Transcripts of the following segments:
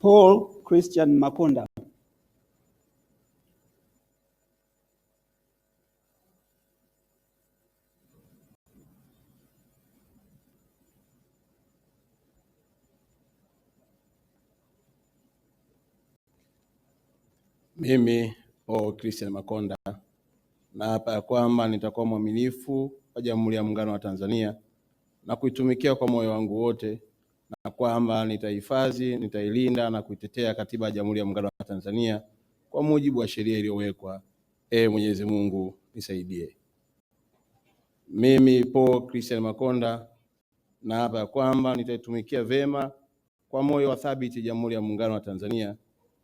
Paul Christian Makonda. Mimi Paul Christian Makonda naapa ya kwamba nitakuwa mwaminifu kwa Jamhuri ya Muungano wa Tanzania na kuitumikia kwa moyo wangu wote na kwamba nitahifadhi, nitailinda na kuitetea Katiba ya Jamhuri ya Muungano wa Tanzania kwa mujibu wa sheria iliyowekwa. Ee Mwenyezi Mungu nisaidie. Mimi Paul Christian Makonda naapa ya kwamba nitaitumikia vema kwa moyo wa thabiti Jamhuri ya Muungano wa Tanzania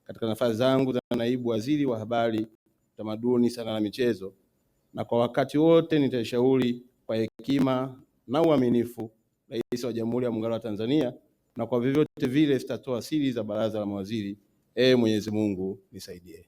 katika nafasi zangu za naibu waziri wa habari, utamaduni, sanaa na michezo, na kwa wakati wote nitaishauri kwa hekima na uaminifu Rais wa Jamhuri ya Muungano wa Tanzania, na kwa vyovyote vile sitatoa siri za baraza la mawaziri. Ee Mwenyezi Mungu nisaidie.